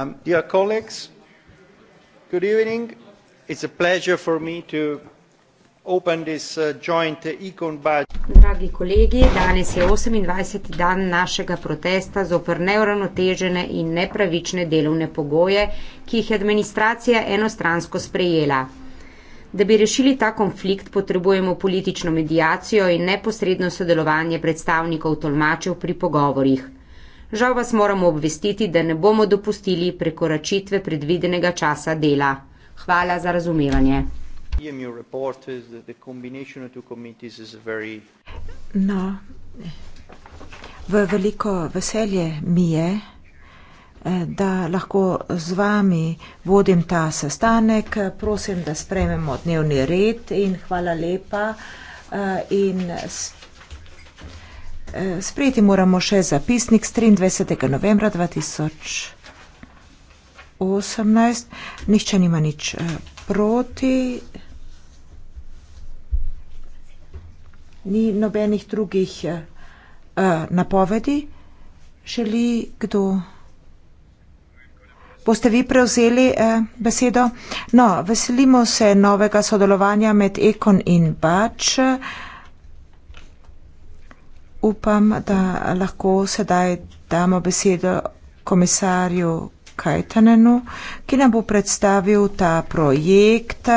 Um, dear colleagues good evening it's a pleasure for me to open this uh, joint econ budget Dragi kolegi, danes je 28. dan našega protesta z opr neuravnotežene in nepravične delovne pogoje, ki jih je administracija enostransko sprejela. Da bi rešili ta konflikt, potrebujemo politično medijacijo in neposredno sodelovanje predstavnikov tolmačev pri pogovorjih. Žal vas moramo obvestiti, da ne bomo dopustili prekoračitve predvidenega časa dela. Hvala za razumevanje. No, v veliko veselje mi je, eh, da lahko z vami vodim ta sestanek. Prosim, da sprememo dnevni red in hvala lepa. Eh, in Eh, sprejeti moramo še zapisnik z 23. novembra 2018. Nihče nima nič eh, proti. Ni nobenih drugih eh, napovedi. Želi kdo? Boste vi prevzeli eh, besedo? No, veselimo se novega sodelovanja med Ekon in Bač. Eh, upam, da lahko sedaj damo besedo komisarju Kajtanenu, ki nam bo predstavil ta projekt,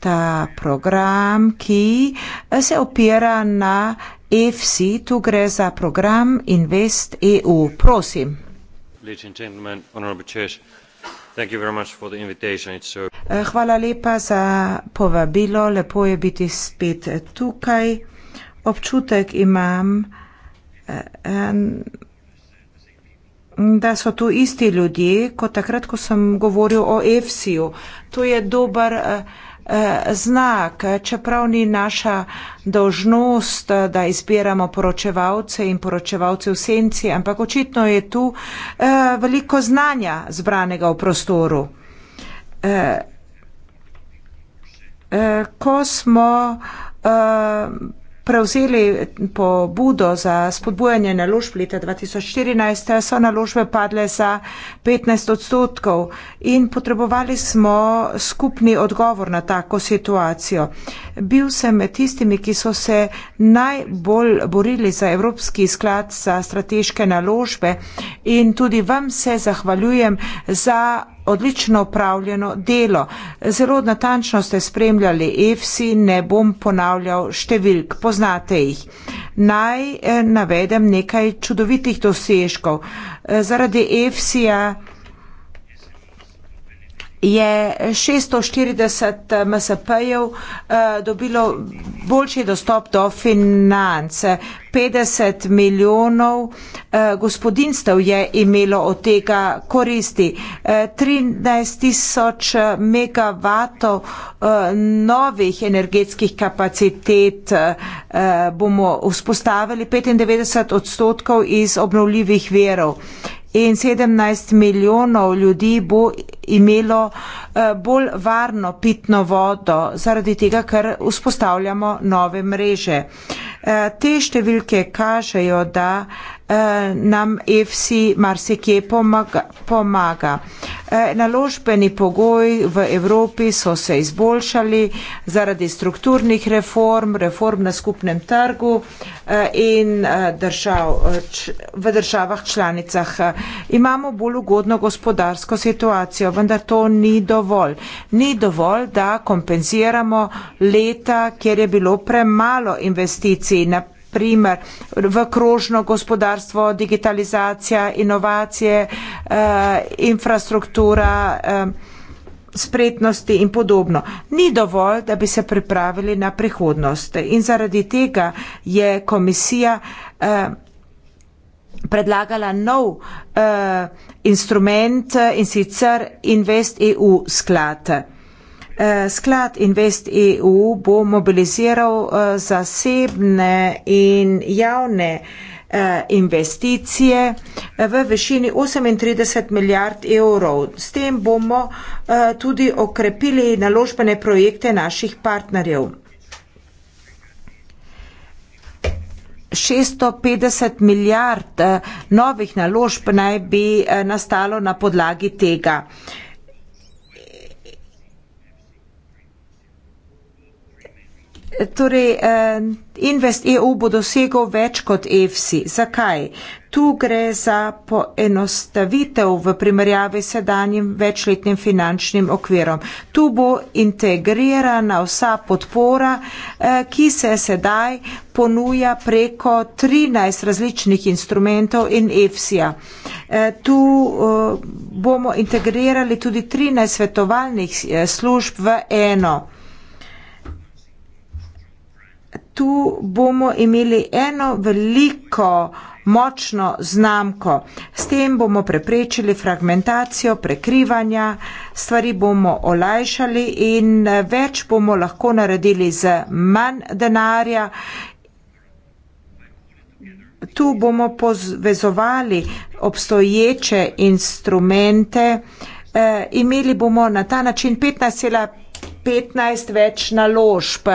ta program, ki se opira na EFSI. Tu gre za program Invest EU. Prosim. Eh, hvala lepa za povabilo. Lepo je biti spet tukaj občutek imam, eh, da so tu isti ljudje, kot takrat, ko sem govoril o EFSI-ju. To je dober eh, eh, znak, čeprav ni naša dožnost, da izbiramo poročevalce in poročevalce v senci, ampak očitno je tu veliko znanja zbranega v prostoru. Ko smo prevzeli pobudo za spodbujanje naložb leta 2014, so naložbe padle za 15 odstotkov in potrebovali smo skupni odgovor na tako situacijo. Bil sem med tistimi, ki so se najbolj borili za Evropski sklad za strateške naložbe in tudi vam se zahvaljujem za odlično upravljeno delo. Zelo natančno ste spremljali EFSI, ne bom ponavljal številk, poznate jih. Naj eh, navedem nekaj čudovitih dosežkov. Eh, zaradi EFSI-ja je 640 MSP-jev eh, dobilo boljši dostop do finance. 50 milijonov eh, gospodinstev je imelo od tega koristi. 13 eh, tisoč megavatov novih energetskih kapacitet bomo vzpostavili, 95 odstotkov iz obnovljivih verov in 17 milijonov ljudi bo imelo eh, bolj varno pitno vodo zaradi tega, ker vzpostavljamo nove mreže. Eh, te številke kažejo, da eh, nam EFSI marsikje pomaga. pomaga. Eh, naložbeni pogoji v Evropi so se izboljšali zaradi strukturnih reform, reform na skupnem trgu eh, in eh, držav, v državah članicah. Imamo bolj ugodno gospodarsko situacijo, vendar to ni dovolj. Ni dovolj, da kompenziramo leta, kjer je bilo premalo investicij. Na primer v krožno gospodarstvo, digitalizacija, inovacije, eh, infrastruktura, eh, spretnosti in podobno. Ni dovolj, da bi se pripravili na prihodnost in zaradi tega je komisija eh, predlagala nov uh, instrument in sicer Invest EU sklad. Eh, sklad Invest EU bo mobiliziral eh, zasebne in javne eh, investicije v višini 38 milijard evrov. S tem bomo tudi okrepili naložbene projekte naših partnerjev. 650 milijard novih naložb naj bi nastalo na podlagi tega. Torej, eh, Invest EU bo dosegel več kot EFSI. Zakaj? Tu gre za poenostavitev v primerjavi s sedanjim večletnim finančnim okvirom. Tu bo integrirana vsa podpora, eh, ki se sedaj ponuja preko 13 različnih instrumentov in EFSI-ja. Eh, tu bomo integrirali tudi 13 svetovalnih služb v eno tu bomo imeli eno veliko močno znamko. S tem bomo preprečili fragmentacijo, prekrivanja, stvari bomo olajšali in več bomo lahko naredili z manj denarja. Tu bomo povezovali obstoječe instrumente, e, imeli bomo na ta način 15,15 15 več naložb.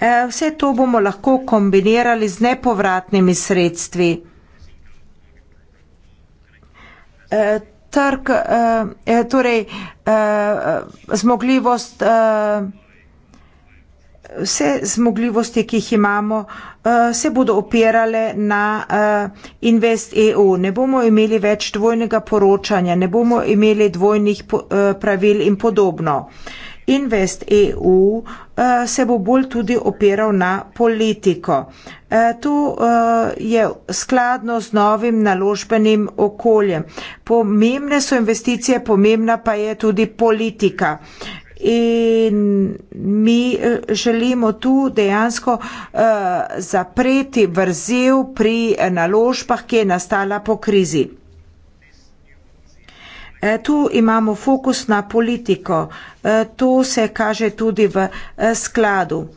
E, vse to bomo lahko kombinirali z nepovratnimi sredstvi. E, trg, e, torej, zmogljivost, vse zmogljivosti, ki jih imamo, se bodo opirale na InvestEU. Ne bomo imeli več dvojnega poročanja, ne bomo imeli dvojnih pravil in podobno. Invest EU eh, se bo bolj tudi opiral na politiko. Eh, to eh, je skladno z novim naložbenim okoljem. Pomembne so investicije, pomembna pa je tudi politika. In mi želimo tu dejansko zapreti vrzel pri naložbah, ki je nastala po krizi. E, tu imamo fokus na politiko. E, to se kaže tudi v e, skladu.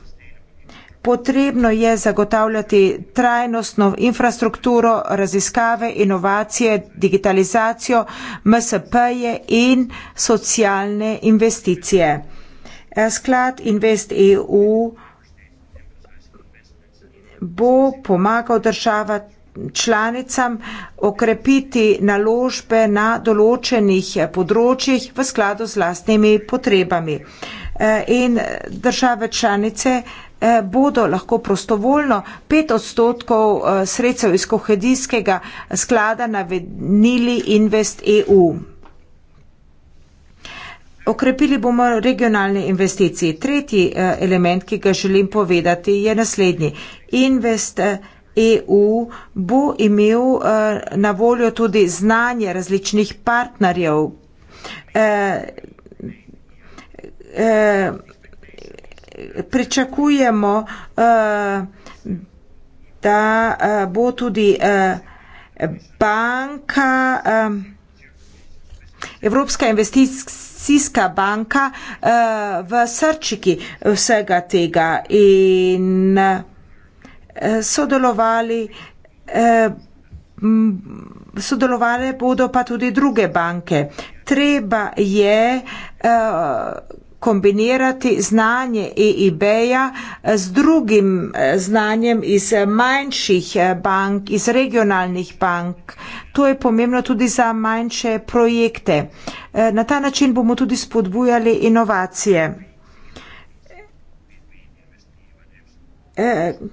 Potrebno je zagotavljati trajnostno infrastrukturo, raziskave, inovacije, digitalizacijo, MSP-je in socialne investicije. Sklad Invest EU bo pomagal državam članicam okrepiti naložbe na določenih področjih v skladu z lastnimi potrebami. E, in države članice e, bodo lahko prostovoljno pet odstotkov e, sredstev iz kohedijskega sklada navednili Invest EU. Okrepili bomo regionalne investicije. Tretji element, ki ga želim povedati, je naslednji. Invest EU EU bo imel eh, na voljo tudi znanje različnih partnerjev. Eh, eh, pričakujemo, da bo tudi banka, Evropska investicijska banka v srčiki vsega tega in sodelovali, eh, sodelovali bodo pa tudi druge banke. Treba je eh, kombinirati znanje EIB-ja z drugim eh, znanjem iz manjših bank, iz regionalnih bank. To je pomembno tudi za manjše projekte. Na ta način bomo tudi spodbujali inovacije.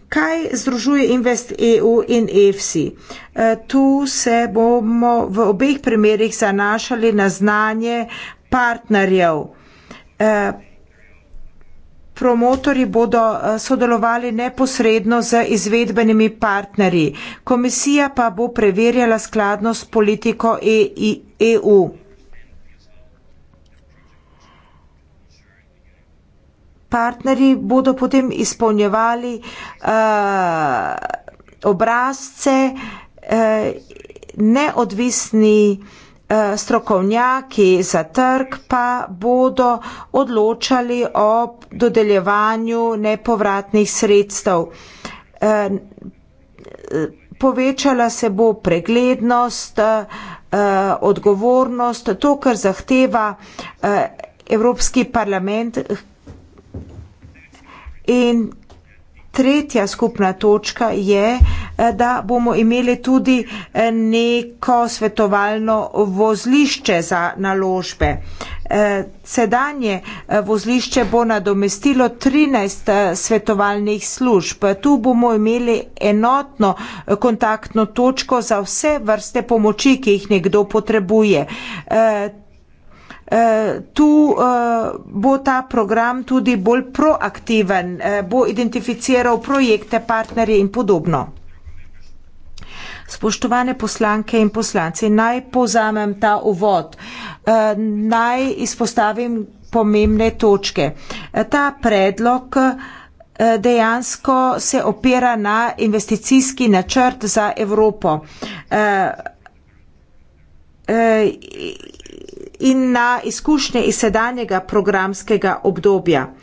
kaj združuje Invest EU in EFSI? E, tu se bomo v obeh primerih zanašali na znanje partnerjev. E, Promotori bodo e, sodelovali neposredno z izvedbenimi partnerji, komisija pa bo preverjala skladnost politiko EU. partnerji bodo potem izpolnjevali uh, obrazce, uh, neodvisni uh, strokovnjaki za trg pa bodo odločali o dodeljevanju nepovratnih sredstev. Uh, povečala se bo preglednost, uh, odgovornost, to, kar zahteva uh, Evropski parlament, In tretja skupna točka je, eh, da bomo imeli tudi eh, neko svetovalno vozlišče za naložbe. Eh, sedanje vozlišče bo nadomestilo 13 svetovalnih služb. Tu bomo imeli enotno kontaktno točko za vse vrste pomoči, ki jih nekdo potrebuje. Eh, tu eh, bo ta program tudi bolj proaktiven, eh, bo identificiral projekte, partnerje in podobno. Spoštovane poslanke in poslanci, naj povzamem ta uvod, naj izpostavim pomembne točke. Ta predlog dejansko se opira na investicijski načrt za Evropo in na izkušnje iz sedanjega programskega obdobja.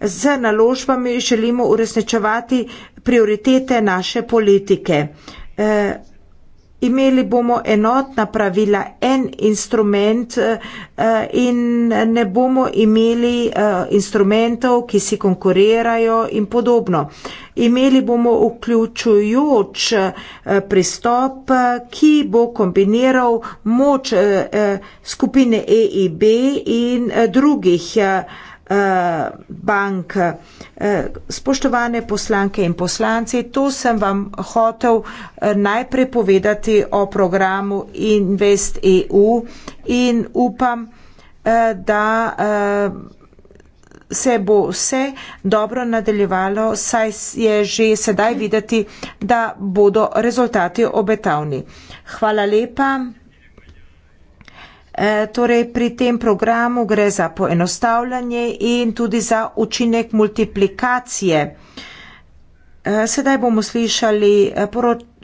Z naložbami želimo uresničevati prioritete naše politike. Eh, imeli bomo enotna pravila, en instrument eh, eh, in ne bomo imeli eh, instrumentov, ki si konkurirajo in podobno. Imeli bomo vključujoč pristop, ki bo kombiniral moč skupine EIB in drugih bank. Eh, spoštovane poslanke in poslanci, to sem vam hotel eh, najprej povedati o programu Invest EU in upam, eh, da se bo vse dobro nadaljevalo, saj je že sedaj videti, da bodo rezultati obetavni. Hvala lepa. E, torej pri tem programu gre za poenostavljanje in tudi za učinek multiplikacije. E, sedaj bomo slišali e,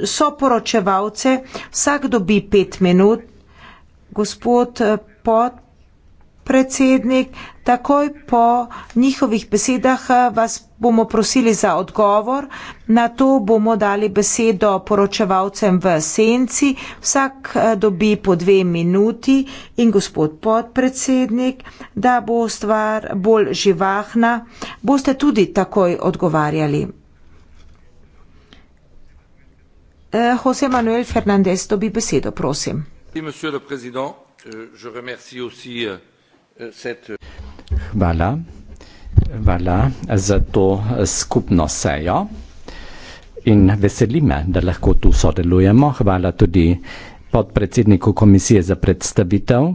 soporočevalce, vsak dobi pet minut. Gospod pod predsednik. Takoj po njihovih besedah eh, vas bomo prosili za odgovor. Na to bomo dali besedo poročevalcem v senci. Vsak eh, dobi po dve minuti in gospod podpredsednik, da bo stvar bolj živahna, boste tudi takoj odgovarjali. Eh, Jose Manuel Fernandez dobi besedo, prosim. Hvala, gospod predsednik. Hvala. Hvala za to skupno sejo in veselime, da lahko tu sodelujemo. Hvala tudi podpredsedniku komisije za predstavitev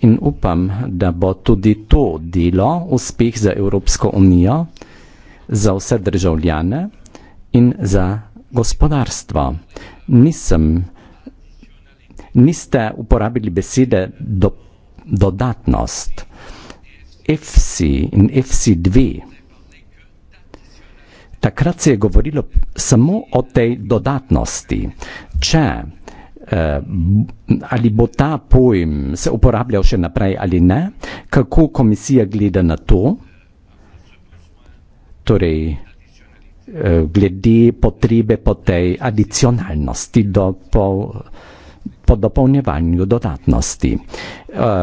in upam, da bo tudi to delo uspeh za Evropsko unijo, za vse državljane in za gospodarstvo. Nisem, niste uporabili besede dopolnitev dodatnost. If si in if si dve. Takrat se je govorilo samo o tej dodatnosti. Če eh, ali bo ta pojem se uporabljal še naprej ali ne, kako komisija gleda na to, torej eh, glede potrebe po tej adicionalnosti do po. Eh, po dopolnjevanju dodatnosti.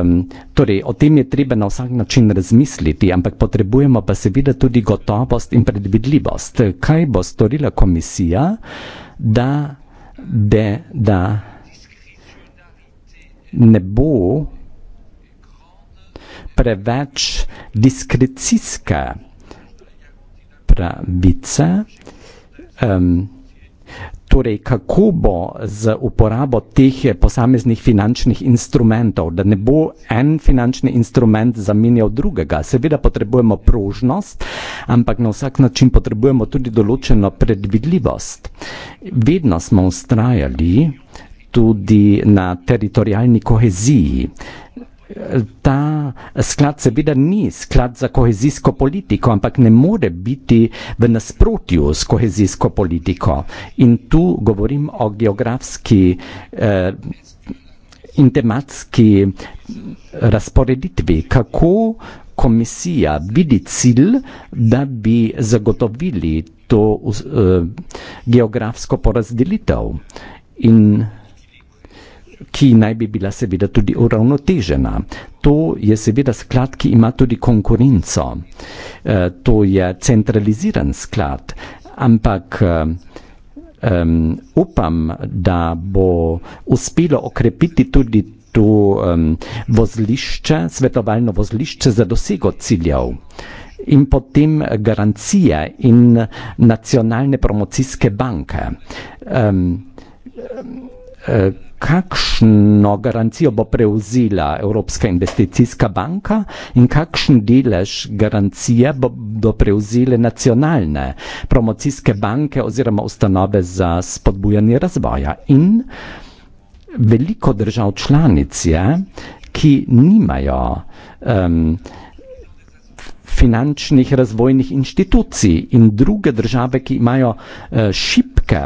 Um, torej, o tem je treba na vsak način razmisliti, ampak potrebujemo pa seveda tudi gotovost in predvidljivost. Kaj bo storila komisija, da, de, da ne bo preveč diskrecijska pravica? Um, torej kako bo z uporabo teh posameznih finančnih instrumentov, da ne bo en finančni instrument zamenjal drugega. Seveda potrebujemo prožnost, ampak na vsak način potrebujemo tudi določeno predvidljivost. Vedno smo ustrajali tudi na teritorijalni koheziji ta sklad seveda ni sklad za kohezijsko politiko, ampak ne more biti v nasprotju s kohezijsko politiko. In tu govorim o geografski eh, in tematski razporeditvi, kako komisija vidi cilj, da bi zagotovili to eh, geografsko porazdelitev. In ki naj bi bila seveda tudi uravnotežena. To je seveda sklad, ki ima tudi konkurenco. E, to je centraliziran sklad, ampak um, upam, da bo uspelo okrepiti tudi to um, vozlišče, svetovalno vozlišče za dosego ciljev. In potem garancije in nacionalne promocijske banke. Um, um, kakšno garancijo bo prevzela Evropska investicijska banka in kakšen delež garancije bodo prevzele nacionalne promocijske banke oziroma ustanove za spodbujanje razvoja. In veliko držav članic je, ki nimajo um, finančnih razvojnih inštitucij in druge države, ki imajo uh, eh, šipke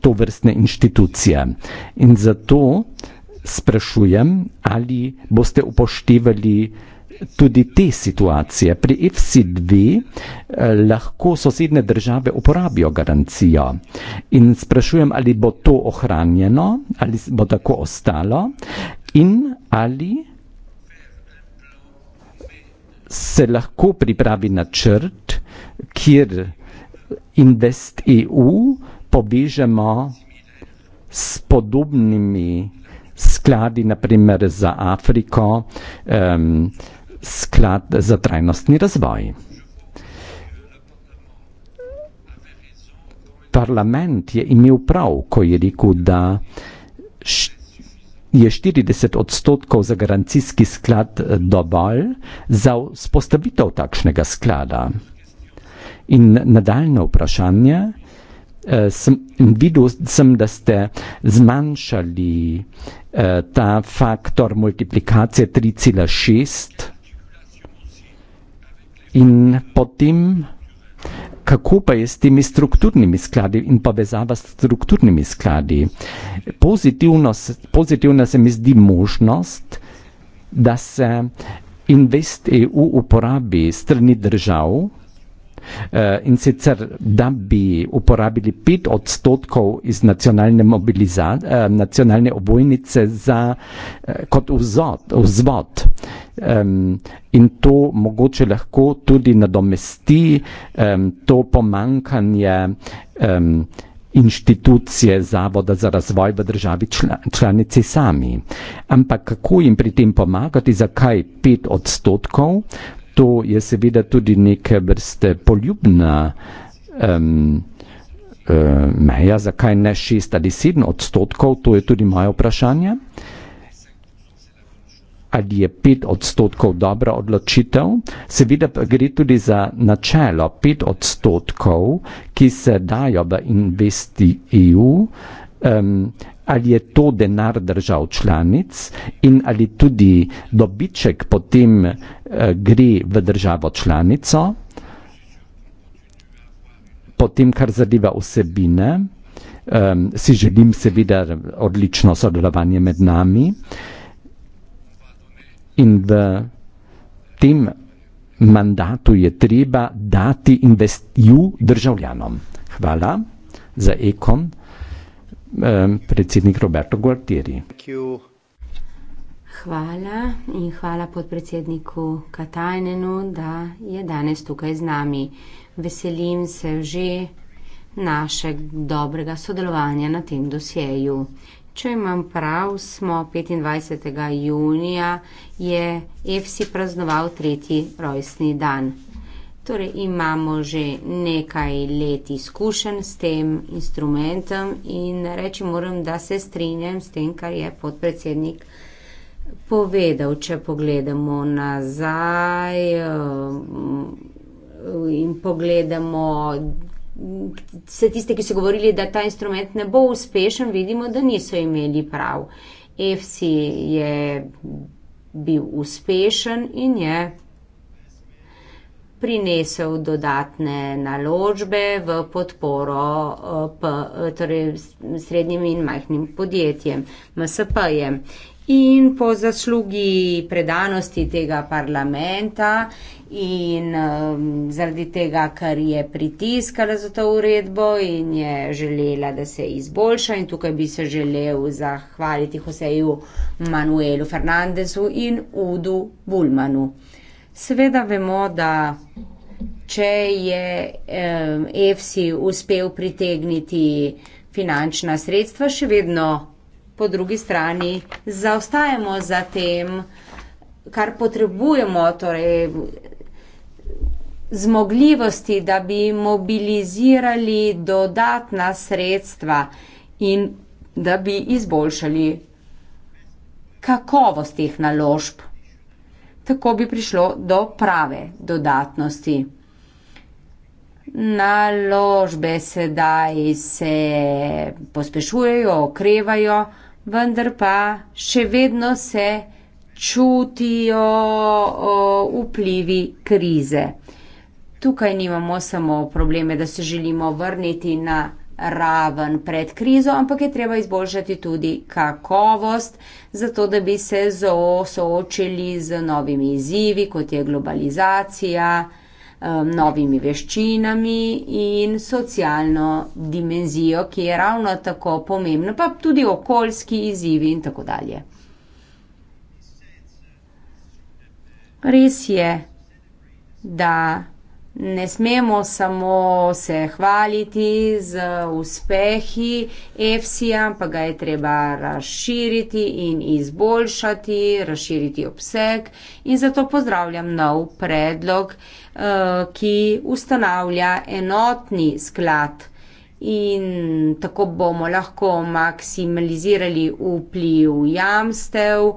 to vrstne inštitucije. In zato sprašujem, ali boste upoštevali tudi te situacije. Pri FC2 eh, lahko sosedne države uporabijo garancijo. In sprašujem, ali bo to ohranjeno, ali bo tako ostalo in ali se lahko pripravi načrt, kjer Invest EU eh, pobižemo s podobnimi skladi, naprimer za Afriko, um, sklad za trajnostni razvoj. Parlament je imel prav, ko je rekel, da je 40 odstotkov za garancijski sklad eh, dovolj za spostavitev takšnega sklada. In nadaljne vprašanje. Eh, sem videl, sem, da ste zmanjšali eh, ta faktor multiplikacije 3,6 in potem kako pa je s temi strukturnimi skladi in povezava s strukturnimi skladi. Pozitivna se mi zdi možnost, da se InvestEU uporabi strani držav, Eh, in sicer, da bi uporabili pet odstotkov iz nacionalne, eh, nacionalne obojnice za, eh, kot vzod, vzvod. Um, in to mogoče lahko tudi nadomesti um, to pomankanje um, inštitucije Zavoda za razvoj v državi člani, članici sami. Ampak kako jim pri tem pomagati, zakaj pet odstotkov? to je seveda tudi neke vrste poljubna um, uh, meja, zakaj ne šest ali sedem odstotkov, to je tudi moje vprašanje. Ali je pet odstotkov dobra odločitev? Seveda pa gre tudi za načelo pet odstotkov, ki se dajo v investi EU. Um, ali je to denar držav članic in ali tudi dobiček potem eh, gre v državo članico, potem kar zadeva osebine, eh, si želim seveda odlično sodelovanje med nami in v tem mandatu je treba dati investiju državljanom. Hvala za ekon predsednik Roberto Gualtieri. Hvala in hvala podpredsedniku Katajnenu, da je danes tukaj z nami. Veselim se že našega dobrega sodelovanja na tem dosjeju. Če imam prav, smo 25. junija je EFSI praznoval tretji rojstni dan. Torej, imamo že nekaj let izkušenj s tem instrumentom in reči moram, da se strinjam s tem, kar je podpredsednik povedal. Če pogledamo nazaj ehm, in pogledamo vse tiste, ki so govorili, da ta instrument ne bo uspešen, vidimo, da niso imeli prav. EFSI je bil uspešen in je prinesel dodatne naložbe v podporo eh, p, torej srednjim in majhnim podjetjem, MSP-jem. In po zaslugi predanosti tega parlamenta in um, zaradi tega, ker je pritiskala za to uredbo in je želela, da se izboljša in tukaj bi se želel zahvaliti Joseju Manuelu Fernandezu in Udu Bulmanu. Seveda vemo, da če je um, EFSI uspel pritegniti finančna sredstva, še vedno po drugi strani zaostajamo za tem, kar potrebujemo, torej zmogljivosti, da bi mobilizirali dodatna sredstva in da bi izboljšali kakovost teh naložb tako bi prišlo do prave dodatnosti. Naložbe sedaj se pospešujejo, okrevajo, vendar pa še vedno se čutijo vplivi krize. Tukaj nimamo samo probleme, da se želimo vrniti na raven pred krizo, ampak je treba izboljšati tudi kakovost, zato da bi se zo soočili z novimi izzivi, kot je globalizacija, um, novimi veščinami in socialno dimenzijo, ki je ravno tako pomembna, pa tudi okoljski izzivi in tako dalje. Res je, da ne smemo samo se hvaliti z uspehi EFSI-ja, pa ga je treba razširiti in izboljšati, razširiti obseg in zato pozdravljam nov predlog, eh, ki ustanavlja enotni sklad in tako bomo lahko maksimalizirali vpliv jamstev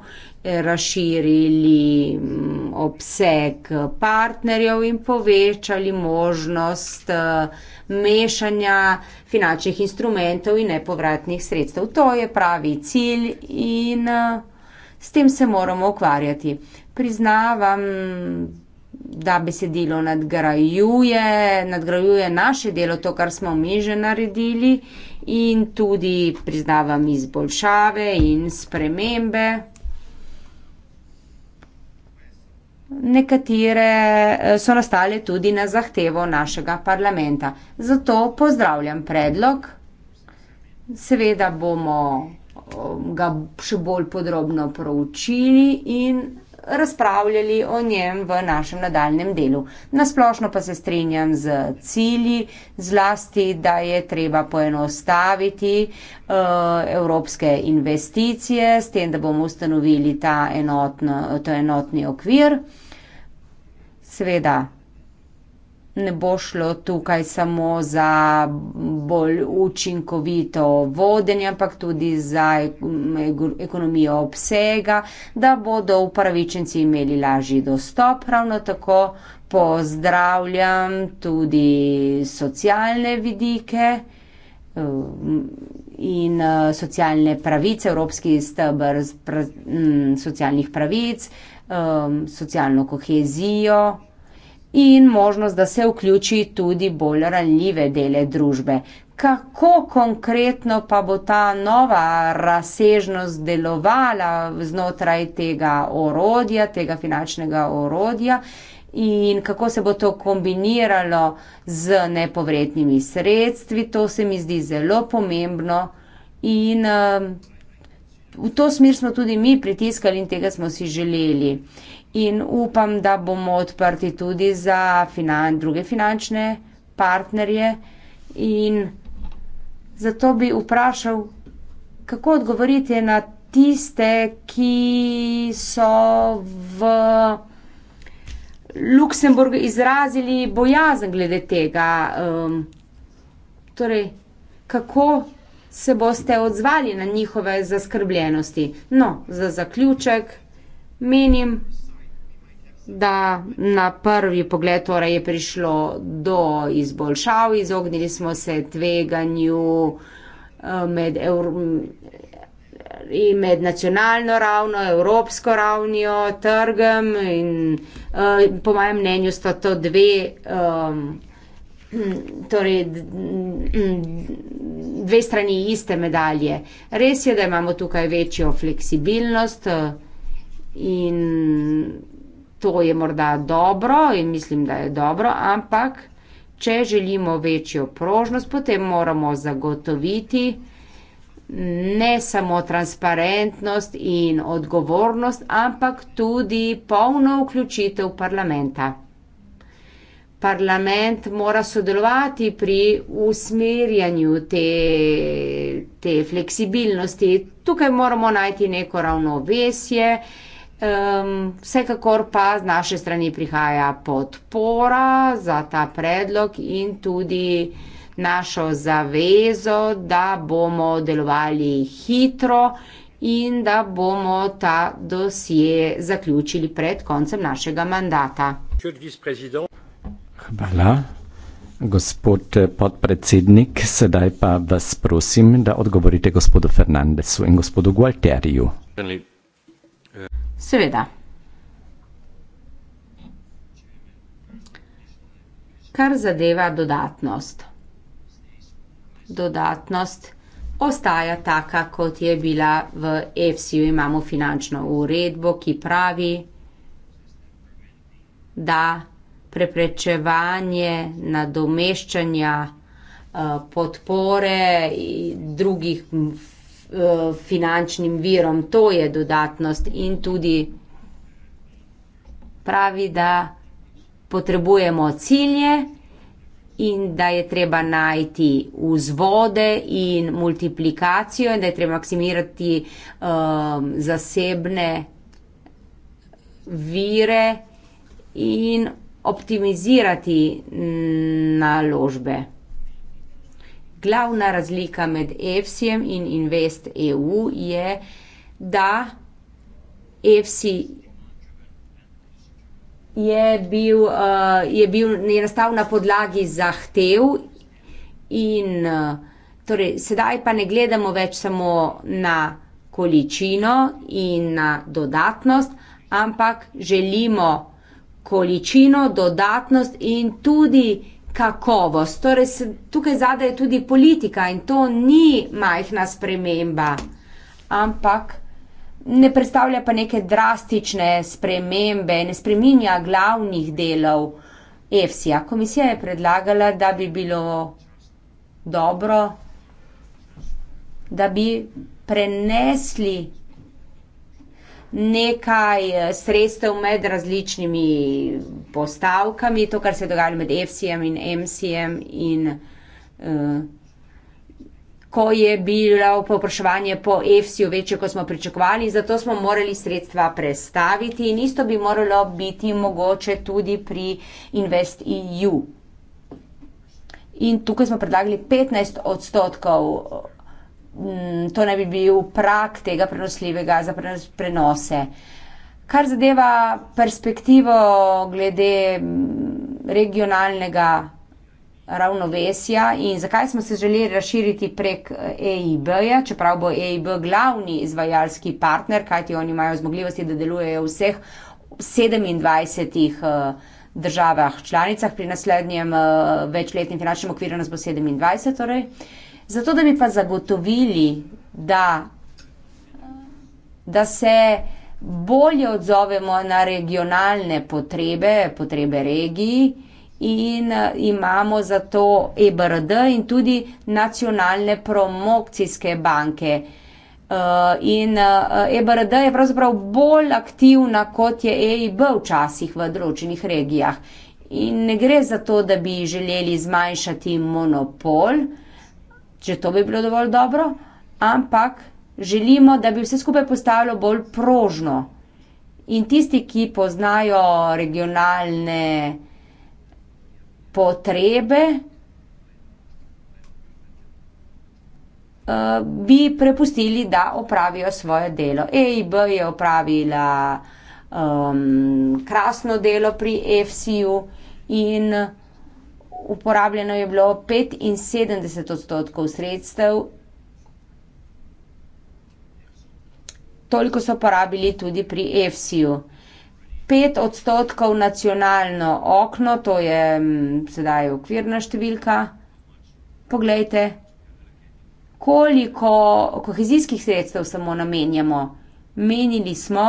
razširili mm, obseg partnerjev in povečali možnost eh, mešanja finančnih instrumentov in nepovratnih sredstev. To je pravi cilj in eh, s tem se moramo ukvarjati. Priznavam, da besedilo nadgrajuje, nadgrajuje naše delo, to, kar smo mi že naredili in tudi priznavam izboljšave in spremembe. Nekatere eh, so nastale tudi na zahtevo našega parlamenta. Zato pozdravljam predlog. Seveda bomo eh, ga še bolj podrobno proučili in razpravljali o njem v našem nadaljem delu. Nasplošno pa se strinjam z cilji, zlasti, da je treba poenostaviti uh, evropske investicije, s tem, da bomo ustanovili ta enotno, enotni okvir. Seveda, ne bo šlo tukaj samo za bolj učinkovito vodenje, ampak tudi za ekonomijo obsega, da bodo upravičenci imeli lažji dostop. Ravno tako pozdravljam tudi socialne vidike eh, in eh, socialne pravice, Evropski stebr socialnih pravic um, socialno kohezijo in možnost, da se vključi tudi bolj ranljive dele družbe. Kako konkretno pa bo ta nova razsežnost delovala znotraj tega orodja, tega finančnega orodja in kako se bo to kombiniralo z nepovretnimi sredstvi, to se mi zdi zelo pomembno in um, v to smer smo tudi mi pritiskali in tega smo si želeli. In upam, da bomo odprti tudi za finan druge finančne partnerje. In zato bi vprašal, kako odgovorite na tiste, ki so v Luksemburgu izrazili bojazen glede tega. Um, torej, kako se boste odzvali na njihove zaskrbljenosti. No, za zaključek menim, da na prvi pogled torej je prišlo do izboljšav, izognili smo se tveganju eh, med, in med nacionalno ravno, evropsko ravnjo, trgem in eh, po mojem mnenju sta to dve. Um, torej, dve strani iste medalje. Res je, da imamo tukaj večjo fleksibilnost eh, in to je morda dobro in mislim, da je dobro, ampak če želimo večjo prožnost, potem moramo zagotoviti ne samo transparentnost in odgovornost, ampak tudi polno vključitev parlamenta parlament mora sodelovati pri usmerjanju te, te fleksibilnosti. Tukaj moramo najti neko ravnovesje. Um, vsekakor pa z naše strani prihaja podpora za ta predlog in tudi našo zavezo, da bomo delovali hitro in da bomo ta dosje zaključili pred koncem našega mandata. Gospod vicepredsednik, Hvala. Gospod eh, podpredsednik, sedaj pa vas prosim, da odgovorite gospodu Fernandesu in gospodu Gualteriju. Seveda. Kar zadeva dodatnost. Dodatnost ostaja taka, kot je bila v EFSI-ju. Imamo finančno uredbo, ki pravi, da preprečevanje nadomeščanja eh, podpore drugih eh, finančnim virom. To je dodatnost in tudi pravi, da potrebujemo cilje in da je treba najti vzvode in multiplikacijo in da je treba maksimirati um, zasebne vire in optimizirati naložbe. Glavna razlika med EFSI-jem in InvestEU je, da EFSI je bil, eh, je bil je nastal na podlagi zahtev in eh, torej, sedaj pa ne gledamo več samo na količino in na dodatnost, ampak želimo količino, dodatnost in tudi kakovost. Torej, se, tukaj zadaj je tudi politika in to ni majhna sprememba, ampak ne predstavlja pa neke drastične spremembe, ne spreminja glavnih delov EFSI-ja. Komisija je predlagala, da bi bilo dobro, da bi prenesli nekaj eh, sredstev med različnimi postavkami, to, kar se je dogajalo med EFSI-jem in MSI-jem. In uh, ko je bilo poprašovanje po EFSI-ju večje, kot smo pričakovali, zato smo morali sredstva prestaviti in isto bi moralo biti mogoče tudi pri InvestEU. In tukaj smo predlagali 15 odstotkov. Mm, to naj bi bil prak tega prenosljivega za prenose. Kar zadeva perspektivo glede mm, regionalnega ravnovesja in zakaj smo se želeli razširiti prek EIB-ja, eh, e čeprav bo EIB glavni izvajalski partner, kajti oni imajo zmogljivosti, da delujejo v vseh 27 eh, državah članicah pri naslednjem eh, večletnem finančnem okviru nas bo 27 torej. Zato, da bi pa zagotovili, da, da se bolje odzovemo na regionalne potrebe, potrebe regiji in eh, imamo za to EBRD in tudi nacionalne promokcijske banke. Eh, in EBRD eh, e je pravzaprav bolj aktivna, kot je EIB včasih v določenih regijah. In ne gre za to, da bi želeli zmanjšati monopol, že to bi bilo dovolj dobro, ampak želimo, da bi vse skupaj postalo bolj prožno. In tisti, ki poznajo regionalne potrebe, eh, bi prepustili, da opravijo svoje delo. EIB je opravila um, krasno delo pri FCU in uporabljeno je bilo 75 odstotkov sredstev, toliko so porabili tudi pri EFSI-ju. 5 odstotkov nacionalno okno, to je mm, sedaj okvirna številka. Poglejte, koliko kohezijskih sredstev samo namenjamo. Menili smo,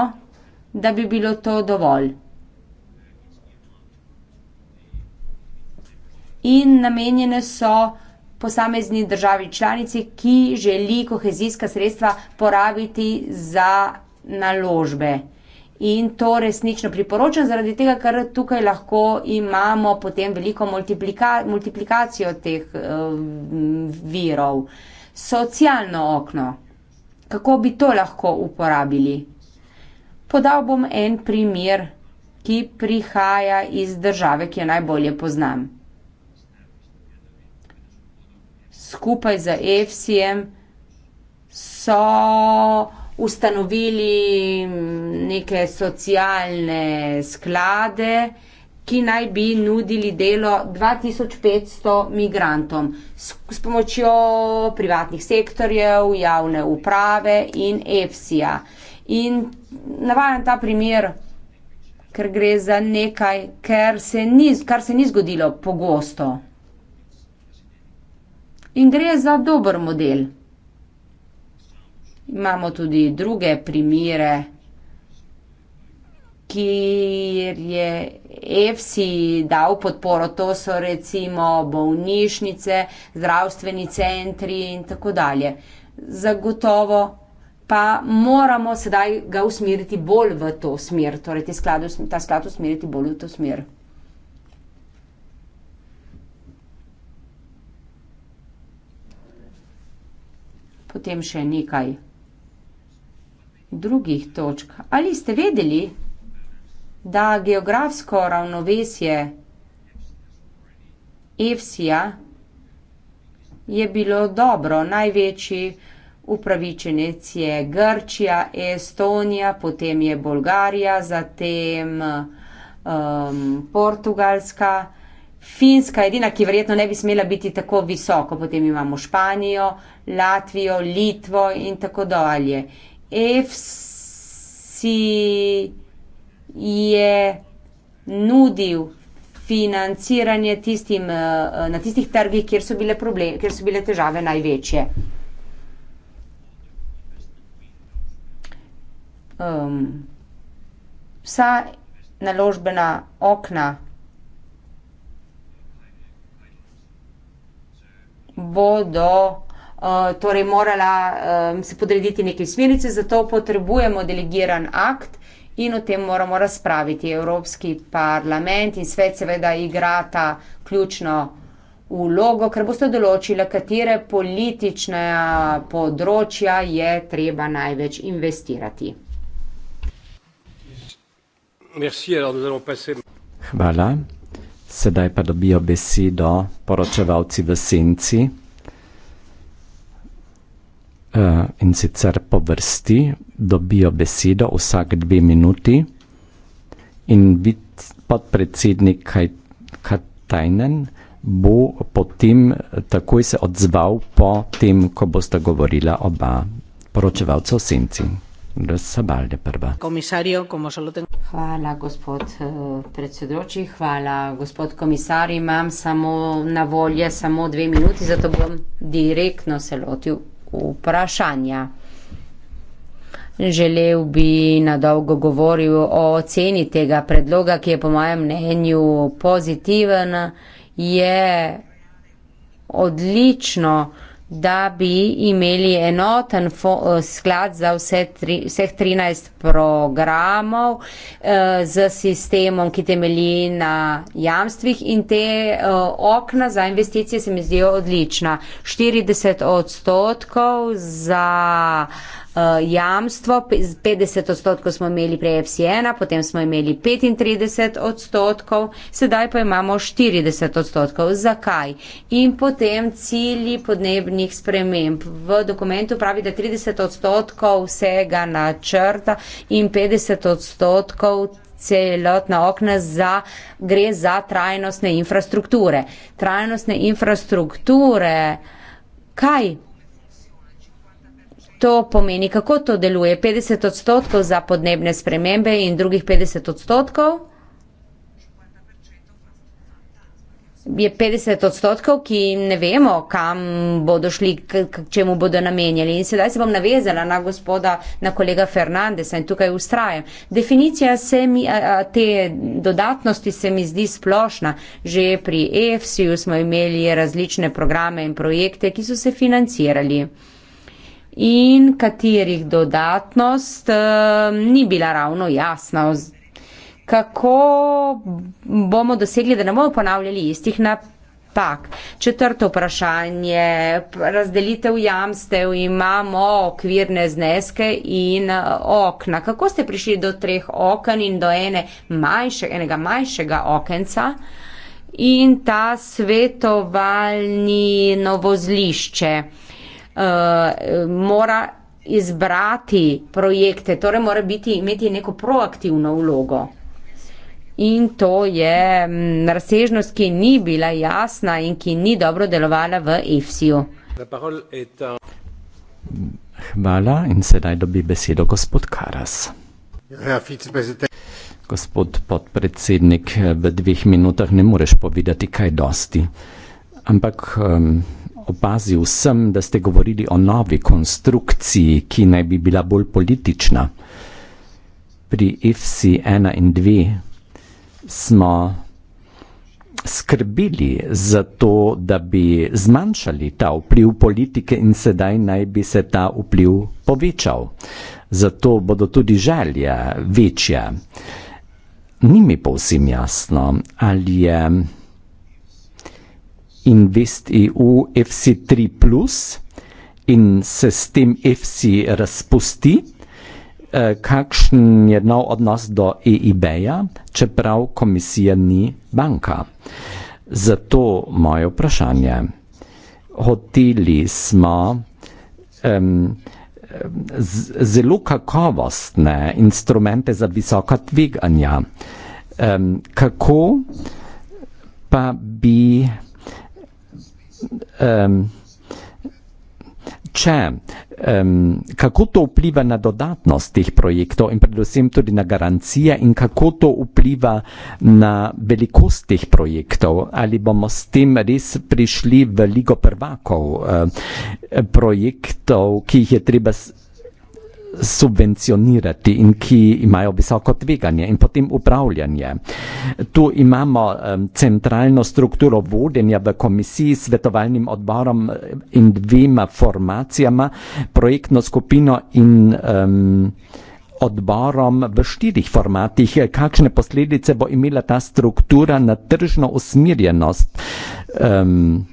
da bi bilo to dovolj. in namenjene so posamezni državi članici, ki želi kohezijska sredstva porabiti za naložbe. In to resnično priporočam, zaradi tega, ker tukaj lahko imamo potem veliko multiplika, multiplikacijo teh eh, virov. Socialno okno. Kako bi to lahko uporabili? Podal bom en primer, ki prihaja iz države, ki jo najbolje poznam. skupaj z EFSI-jem so ustanovili neke socialne sklade, ki naj bi nudili delo 2500 migrantom s, s pomočjo privatnih sektorjev, javne uprave in EFSI-ja. In navajam ta primer, ker gre za nekaj, se ni, kar se ni zgodilo pogosto in gre za dober model. Imamo tudi druge primere, kjer je EFSI dal podporo, to so recimo bolnišnice, zdravstveni centri in tako dalje. Zagotovo pa moramo sedaj ga usmeriti bolj v to smer, torej sklad, ta sklad usmeriti bolj v to smer. potem še nekaj drugih točk. Ali ste vedeli, da geografsko ravnovesje Efsija je bilo dobro, največji upravičenec je Grčija, Estonija, potem je Bolgarija, zatem um, Portugalska. Finska je edina, ki verjetno ne bi smela biti tako visoko. Potem imamo Španijo, Latvijo, Litvo in tako dalje. EFSI je nudil financiranje tistim, eh, eh, na tistih trgih, kjer so bile, problem, kjer so bile težave največje. Um, vsa naložbena okna. bodo uh, torej morala um, eh, se podrediti neke smernice, zato potrebujemo delegiran akt in o tem moramo razpraviti. Evropski parlament in svet seveda igrata ključno vlogo, ker boste določili, katere politične področja je treba največ investirati. Merci, alors nous allons passer. Voilà. Sedaj pa dobijo besedo poročevalci v senci. Uh, in sicer po vrsti dobijo besedo vsak dve minuti in podpredsednik Katajnen bo potem takoj se odzval po tem, ko boste govorila oba poročevalca v senci. Sabalde prva. Hvala, gospod eh, predsedoči, hvala, gospod komisar. Imam samo na voljo samo dve minuti, zato bom direktno se lotil vprašanja. Želel bi na dolgo govoril o ceni tega predloga, ki je po mojem mnenju pozitiven, je odlično da bi imeli enoten fo, eh, sklad za vse tri, vseh 13 programov eh, z sistemom, ki temelji na jamstvih in te eh, okna za investicije se mi zdijo odlična. 40 odstotkov za eh, uh, jamstvo, 50 odstotkov smo imeli prej FCN-a, potem smo imeli 35 odstotkov, sedaj pa imamo 40 odstotkov. Zakaj? In potem cilji podnebnih sprememb. V dokumentu pravi, da 30 odstotkov vsega načrta in 50 odstotkov celotna okna za, gre za trajnostne infrastrukture. Trajnostne infrastrukture, kaj to pomeni, kako to deluje? 50 odstotkov za podnebne spremembe in drugih 50 odstotkov? Je 50 odstotkov, ki ne vemo, kam bodo šli, čemu bodo namenjali. In sedaj se bom navezala na gospoda, na kolega Fernandesa in tukaj ustrajam. Definicija se mi, te dodatnosti se mi zdi splošna. Že pri EFSI-ju smo imeli različne programe in projekte, ki so se financirali in katerih dodatnost uh, ni bila ravno jasna. Kako bomo dosegli, da ne bomo ponavljali istih napak? Četrto vprašanje, razdelitev jamstev, imamo okvirne zneske in eh, okna. Kako ste prišli do treh okn in do ene manjše, enega manjšega okenca in ta svetovalni novozlišče? Eh, mora izbrati projekte, torej mora biti, imeti neko proaktivno vlogo. In to je mm, razsežnost, ki ni bila jasna in ki ni dobro delovala v EFSI-ju. Hvala in sedaj dobi besedo gospod Karas. Gospod podpredsednik, v dveh minutah ne moreš povedati kaj dosti. Ampak opazil sem, da ste govorili o novi konstrukciji, ki naj bi bila bolj politična. Pri IFSI 1 in 2 smo skrbeli za to, da bi zmanjšali ta vpliv politike in sedaj naj bi se ta vpliv povečal. Zato bodo tudi želje večje. Ni mi povsem jasno, ali je. InvestEU FC3 Plus in se s tem FC razpusti, eh, kakšen je nov odnos do EIB-ja, čeprav komisija ni banka. Zato moje vprašanje. Hoteli smo um, zelo kakovostne instrumente za visoka tveganja. Um, kako pa bi um, če, um, kako to vpliva na dodatnost teh projektov in predvsem tudi na garancije in kako to vpliva na velikost teh projektov, ali bomo s tem res prišli v ligo prvakov uh, projektov, ki jih je treba subvencionirati in ki imajo visoko tveganje in potem upravljanje. Tu imamo um, centralno strukturo vodenja v komisiji s svetovalnim odborom in dvema formacijama, projektno skupino in um, odborom v štirih formatih. Kakšne posledice bo imela ta struktura na tržno usmirjenost? Um,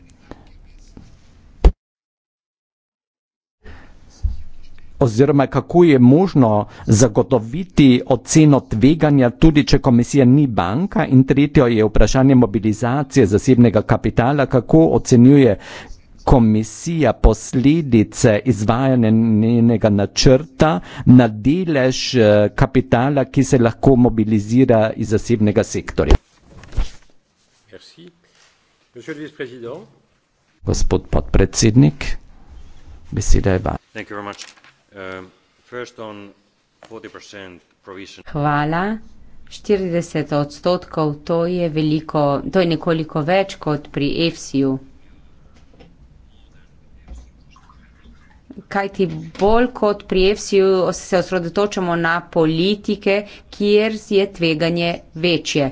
oziroma kako je možno zagotoviti oceno tveganja, tudi če komisija ni banka. In tretjo je vprašanje mobilizacije zasebnega kapitala, kako ocenjuje komisija posledice izvajanja njenega načrta na delež eh, kapitala, ki se lahko mobilizira iz zasebnega sektorja. Gospod podpredsednik, beseda je vaša. Um, Hvala. 40 odstotkov, to je veliko, to je nekoliko več kot pri EFSI-ju. Kajti bolj kot pri EFSI-ju se osredotočamo na politike, kjer je tveganje večje,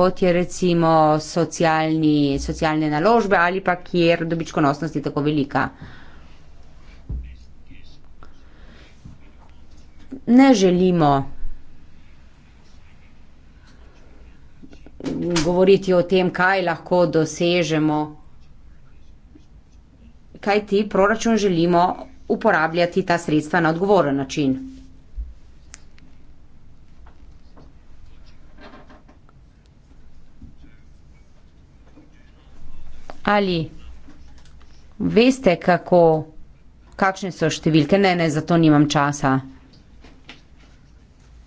kot je recimo socialni, socialne naložbe ali pa kjer dobičkonosnost je tako velika. ne želimo govoriti o tem, kaj lahko dosežemo, kaj ti proračun želimo uporabljati ta sredstva na odgovoren način. Ali veste, kako, kakšne so številke? Ne, ne, za to nimam časa.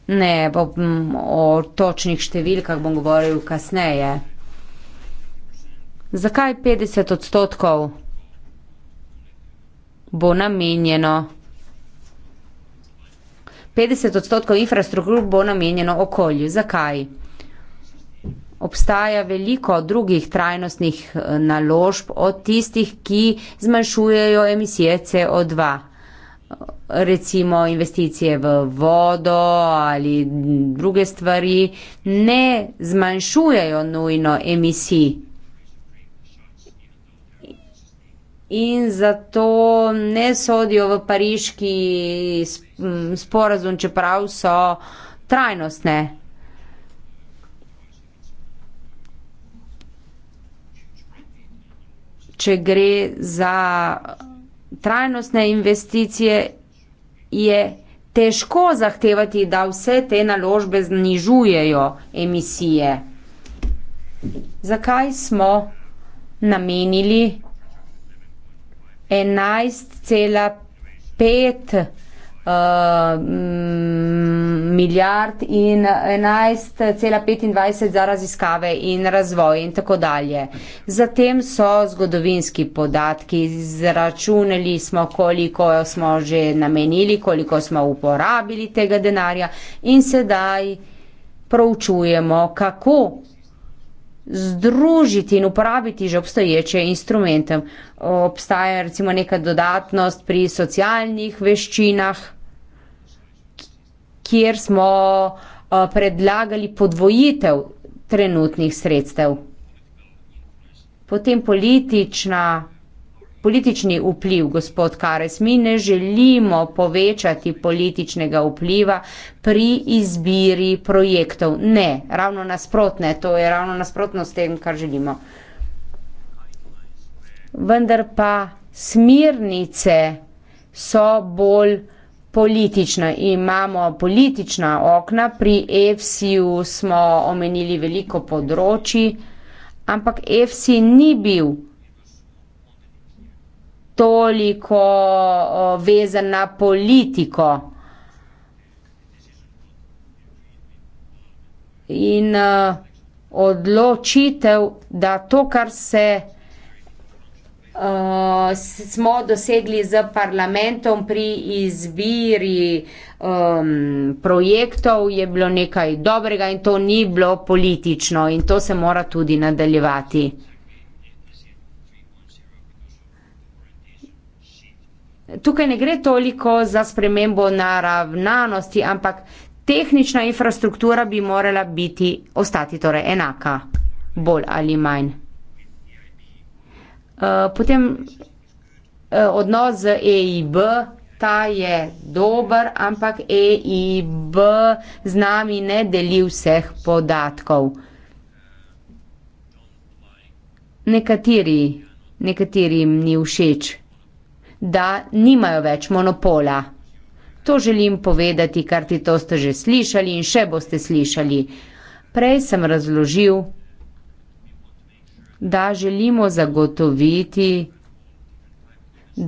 Ne, bo, m, o točnih številkah bom govoril kasneje. Zakaj 50 odstotkov bo namenjeno? 50 odstotkov infrastruktur bo namenjeno okolju. Zakaj? Obstaja veliko drugih trajnostnih eh, naložb od tistih, ki zmanjšujejo emisije CO2 recimo investicije v vodo ali druge stvari, ne zmanjšujejo nujno emisij. In zato ne sodijo v pariški sporazum, čeprav so trajnostne. Če gre za trajnostne investicije, je težko zahtevati, da vse te naložbe znižujejo emisije. Zakaj smo namenili 11,5 milijona? uh, milijard in 11,25 za raziskave in razvoj in tako dalje. Zatem so zgodovinski podatki, zračunali smo, koliko smo že namenili, koliko smo uporabili tega denarja in sedaj proučujemo, kako združiti in uporabiti že obstoječe instrumente. Obstaja recimo neka dodatnost pri socialnih veščinah, kjer smo eh, predlagali podvojitev trenutnih sredstev. Potem politična politični vpliv, gospod Kares. Mi ne želimo povečati političnega vpliva pri izbiri projektov. Ne, ravno nasprotne, to je ravno nasprotno s tem, kar želimo. Vendar pa smirnice so bolj politična. Imamo politična okna, pri EFSI-ju smo omenili veliko področji, ampak EFSI ni bil toliko vezan na politiko. In odločitev, da to, kar se uh, smo dosegli z parlamentom pri izbiri um, projektov, je bilo nekaj dobrega in to ni bilo politično in to se mora tudi nadaljevati. Tukaj ne gre toliko za spremembo naravnanosti, ampak tehnična infrastruktura bi morala biti, ostati torej enaka, bolj ali manj. Uh, potem uh, odnos z EIB, ta je dober, ampak EIB z nami ne deli vseh podatkov. Nekateri, nekateri mi ni všeč da nimajo več monopola. To želim povedati, kar ti to ste že slišali in še boste slišali. Prej sem razložil, da želimo zagotoviti,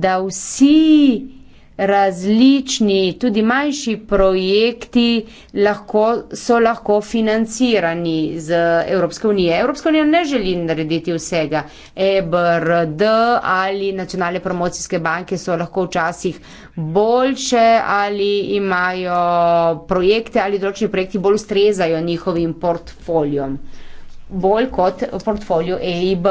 da vsi imamo različni, tudi manjši projekti lahko, so lahko financirani z Evropske unije. Evropska unija ne želi narediti vsega. EBRD ali nacionalne promocijske banke so lahko včasih boljše ali imajo projekte ali določeni projekti bolj ustrezajo njihovim portfoljom bolj kot v portfolju EIB.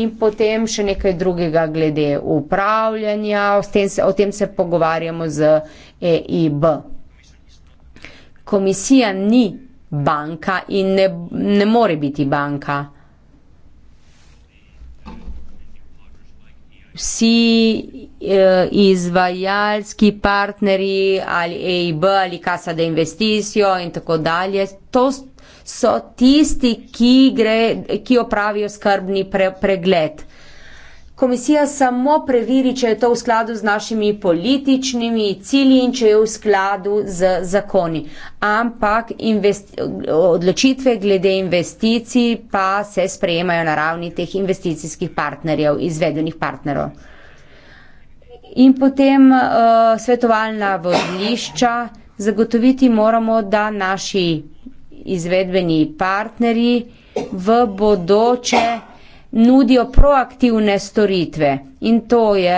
In potem še nekaj drugega glede upravljanja, o tem se, o tem se pogovarjamo z EIB. Komisija ni banka in ne, ne more biti banka. Vsi eh, izvajalski partnerji ali EIB ali Casa de Investicio in tako dalje, to, so tisti, ki, gre, ki opravijo skrbni pre, pregled. Komisija samo preveri, če je to v skladu z našimi političnimi cilji in če je v skladu z zakoni. Ampak odločitve glede investicij pa se sprejemajo na ravni teh investicijskih partnerjev, izvedenih partnerov. In potem uh, svetovalna vodlišča. Zagotoviti moramo, da naši izvedbeni partnerji v bodoče nudijo proaktivne storitve in to je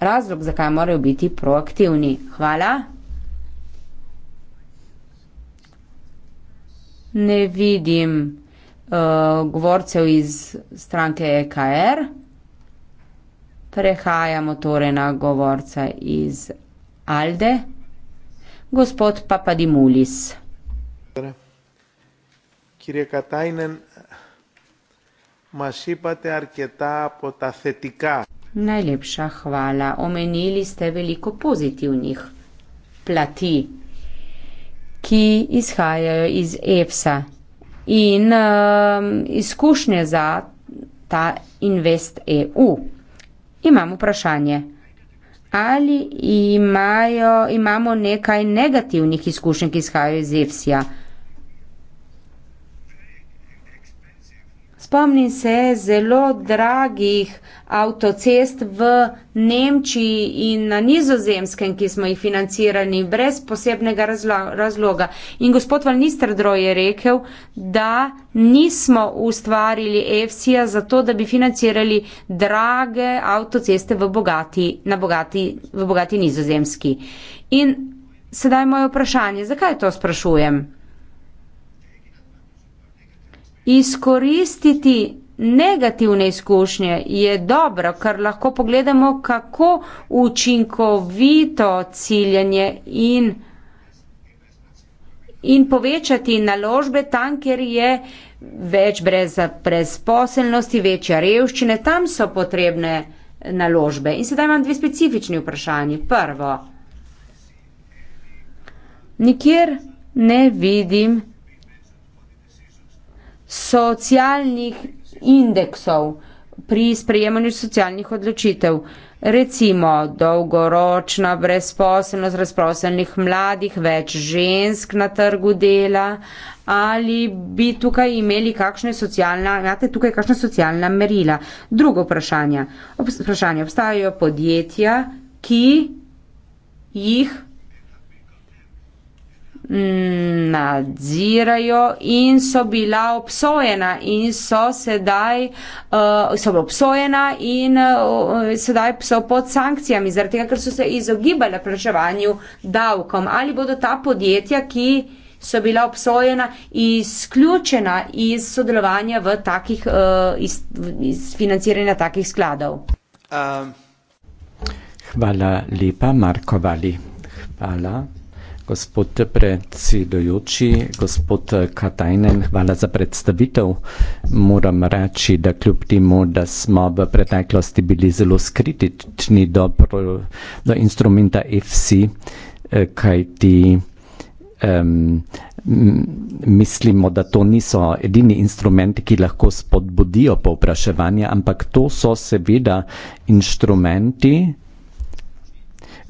razlog, zakaj morajo biti proaktivni. Hvala. Ne vidim uh, govorcev iz stranke EKR. Prehajamo torej na govorca iz Alde. Gospod Papadimulis. Hvala. Torej. Κύριε Κατάινεν, μας είπατε αρκετά από τα θετικά. Najlepša hvala. Omenili ste veliko pozitivnih plati, ki izhajajo iz EFSA in um, izkušnje za ta Invest EU. Imam vprašanje, ali imajo, imamo nekaj negativnih izkušenj, ki izhajajo iz EFSA? spomnim se zelo dragih avtocest v Nemčiji in na nizozemskem, ki smo jih financirali brez posebnega razloga. In gospod Valnister Droj je rekel, da nismo ustvarili EFSI-ja zato, da bi financirali drage avtoceste v bogati, bogati, v bogati nizozemski. In sedaj moje vprašanje, zakaj to sprašujem? izkoristiti negativne izkušnje je dobro, ker lahko pogledamo, kako učinkovito ciljanje in, in povečati naložbe tam, kjer je več brez brezposelnosti, večja revščine, tam so potrebne naložbe. In sedaj imam dve specifični vprašanji. Prvo. Nikjer ne vidim socialnih indeksov pri sprejemanju socialnih odločitev. Recimo dolgoročna brezposobnost razprosenih mladih, več žensk na trgu dela ali bi tukaj imeli kakšne socialna, imate tukaj kakšna socialna merila. Drugo vprašanje, vprašanje, obstajajo podjetja, ki jih nadzirajo in so bila obsojena in so sedaj, uh, so obsojena in uh, sedaj so pod sankcijami, zaradi tega, ker so se izogibale plačevanju davkom. Ali bodo ta podjetja, ki so bila obsojena, izključena iz sodelovanja v takih, uh, iz, iz financiranja takih skladov? Um. Hvala lepa, Marko Vali. Hvala. Gospod predsedujoči, gospod Katajnen, hvala za predstavitev. Moram reči, da kljub temu, da smo v preteklosti bili zelo skritični do, do instrumenta FC, eh, kajti um, mislimo, da to niso edini instrumenti, ki lahko spodbudijo povpraševanje, ampak to so seveda instrumenti.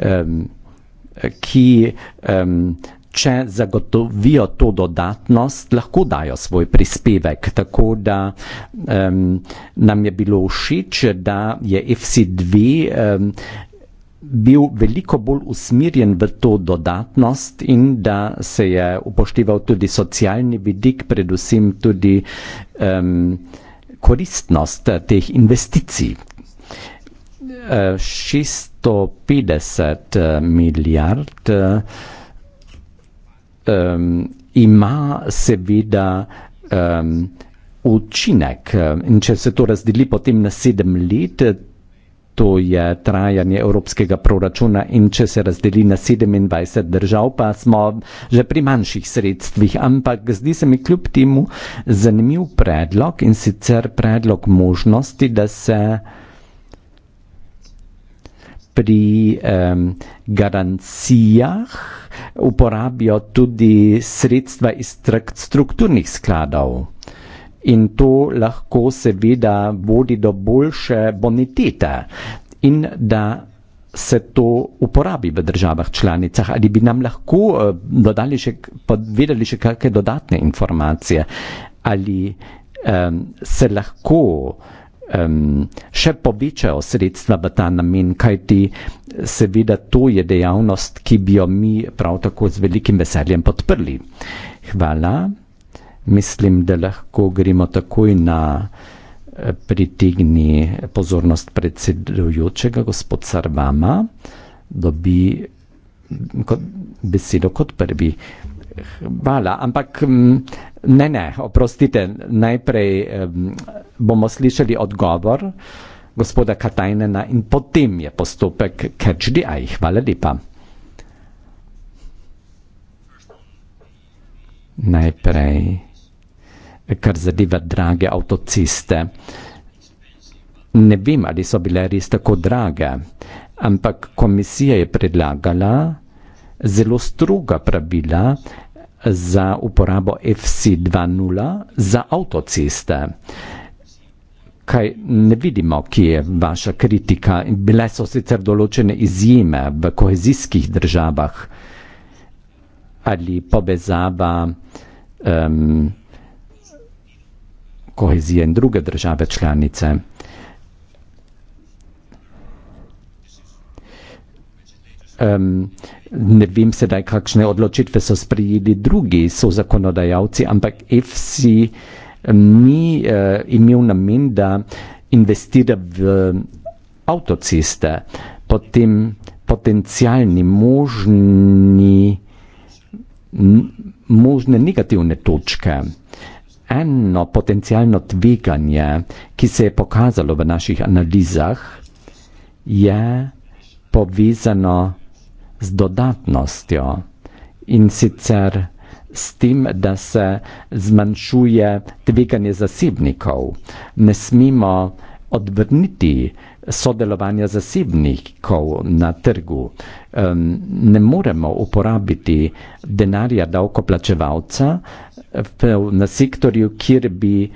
Um, ki um, če zagotovijo to dodatnost, lahko dajo svoj prispevek. Tako da um, nam je bilo všeč, da je FC2 um, bil veliko bolj usmirjen v to dodatnost in da se je upošteval tudi socialni vidik, predvsem tudi um, koristnost teh investicij, 650 eh, eh, milijard um, ima seveda um, učinek. In če se to razdeli potem na sedem let, to je trajanje evropskega proračuna in če se razdeli na 27 držav, pa smo že pri manjših sredstvih. Ampak zdi se mi kljub temu zanimiv predlog in sicer predlog možnosti, da se pri um, garancijah uporabijo tudi sredstva iz strukturnih skladov. In to lahko seveda vodi do boljše bonitete in da se to uporabi v državah članicah. Ali bi nam lahko dodali še, povedali še kakšne dodatne informacije, ali um, se lahko um, še povečajo sredstva v ta namen, kajti seveda to je dejavnost, ki bi jo mi prav tako z velikim veseljem podprli. Hvala, mislim, da lahko gremo takoj na eh, pritegni pozornost predsedujočega, gospod Sarvama, dobi besedo kot prvi. Hvala, ampak mm, ne, ne, oprostite, najprej bomo slišali odgovor gospoda Katajnena in potem je postopek Catch the Eye. Hvala lepa. Najprej, kar zadeva drage avtociste. Ne vem, ali so bile res tako drage, ampak komisija je predlagala zelo stroga pravila, za uporabo FC2.0 za avtoceste. Kaj ne vidimo, ki je vaša kritika? Bile so sicer določene izjeme v kohezijskih državah ali povezava um, kohezije in druge države članice. um, ne vem sedaj, kakšne odločitve so sprijeli drugi so zakonodajalci, ampak EFSI ni uh, imel namen, da investira v avtoceste, potem potencijalni možni, možne negativne točke. Eno potencijalno tveganje, ki se je pokazalo v naših analizah, je povezano z dodatnostjo in sicer s tem, da se zmanjšuje tveganje zasebnikov. Ne smemo odvrniti sodelovanja zasebnikov na trgu. Ne moremo uporabiti denarja davkoplačevalca na sektorju, kjer bi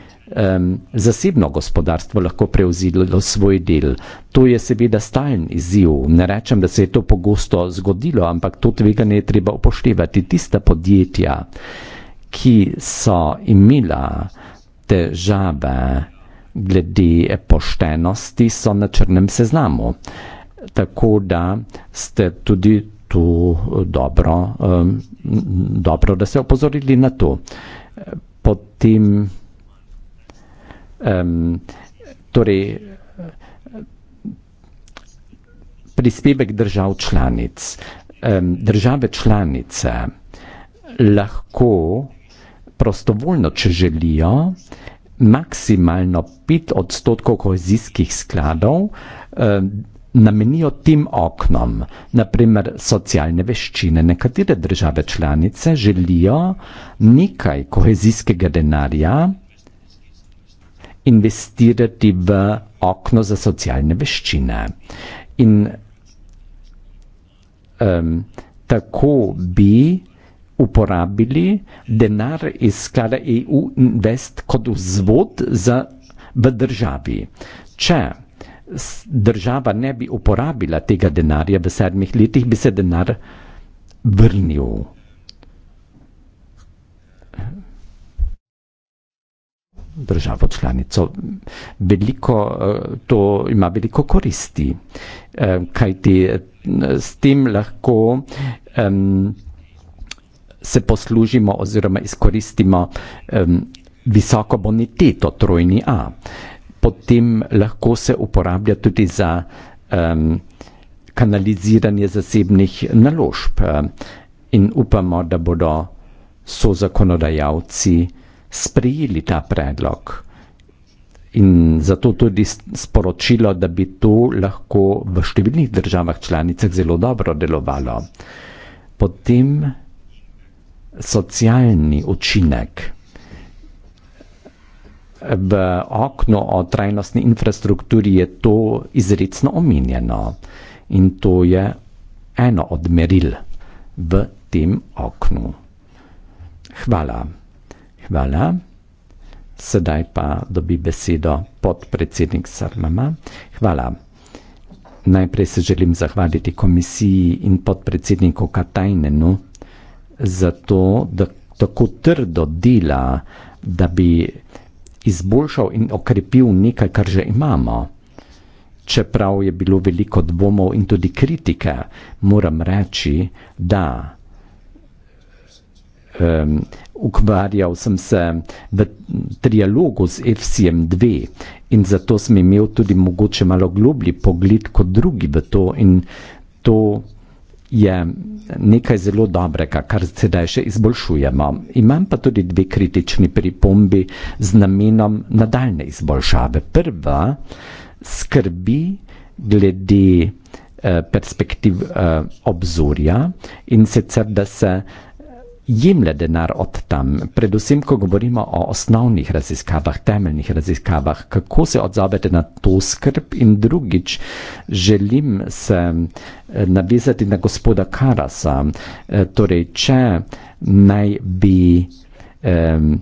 zasebno gospodarstvo lahko prevzelo svoj del. To je seveda stalen izziv. Ne rečem, da se je to pogosto zgodilo, ampak to tveganje je treba upoštevati. Tista podjetja, ki so imela težave, glede eh, poštenosti so na črnem seznamu. Tako da ste tudi tu eh, dobro, eh, dobro da ste opozorili na to. Potem, torej, prispevek držav članic. Države članice lahko prostovoljno, če želijo, maksimalno 5 odstotkov kohezijskih skladov eh, namenijo tem oknom, naprimer socialne veščine. Nekatere države članice želijo nekaj kohezijskega denarja investirati v okno za socialne veščine. In eh, tako bi uporabili denar iz sklada EU Invest kot vzvod za, v državi. Če država ne bi uporabila tega denarja v sedmih letih, bi se denar vrnil. Državo članico. Veliko, eh, to ima veliko koristi, eh, kajti eh, s tem lahko um, se poslužimo oziroma izkoristimo um, visoko boniteto trojni A. Potem lahko se uporablja tudi za um, kanaliziranje zasebnih naložb in upamo, da bodo so zakonodajalci sprejeli ta predlog. In zato tudi sporočilo, da bi to lahko v številnih državah članicah zelo dobro delovalo. Potem socialni učinek v okno o trajnostni infrastrukturi je to izredno omenjeno in to je eno od meril v tem oknu. Hvala. Hvala. Sedaj pa dobi besedo podpredsednik Sarmama. Hvala. Najprej se želim zahvaliti komisiji in podpredsedniku Katajnenu zato, da tako trdo dela, da bi izboljšal in okrepil nekaj, kar že imamo. Čeprav je bilo veliko dvomov in tudi kritike, moram reči, da um, ukvarjal sem se v trialogu z FCM2 in zato sem imel tudi mogoče malo globlji pogled kot drugi v to in to je nekaj zelo dobrega, kar sedaj še izboljšujemo. Imam pa tudi dve kritični pripombi z namenom nadaljne izboljšave. Prva skrbi glede eh, perspektiv eh, obzorja in sicer, da se jemlje denar od tam, predvsem, ko govorimo o osnovnih raziskavah, temeljnih raziskavah, kako se odzovete na to skrb in drugič želim se eh, navezati na gospoda Karasa, eh, torej če naj bi um,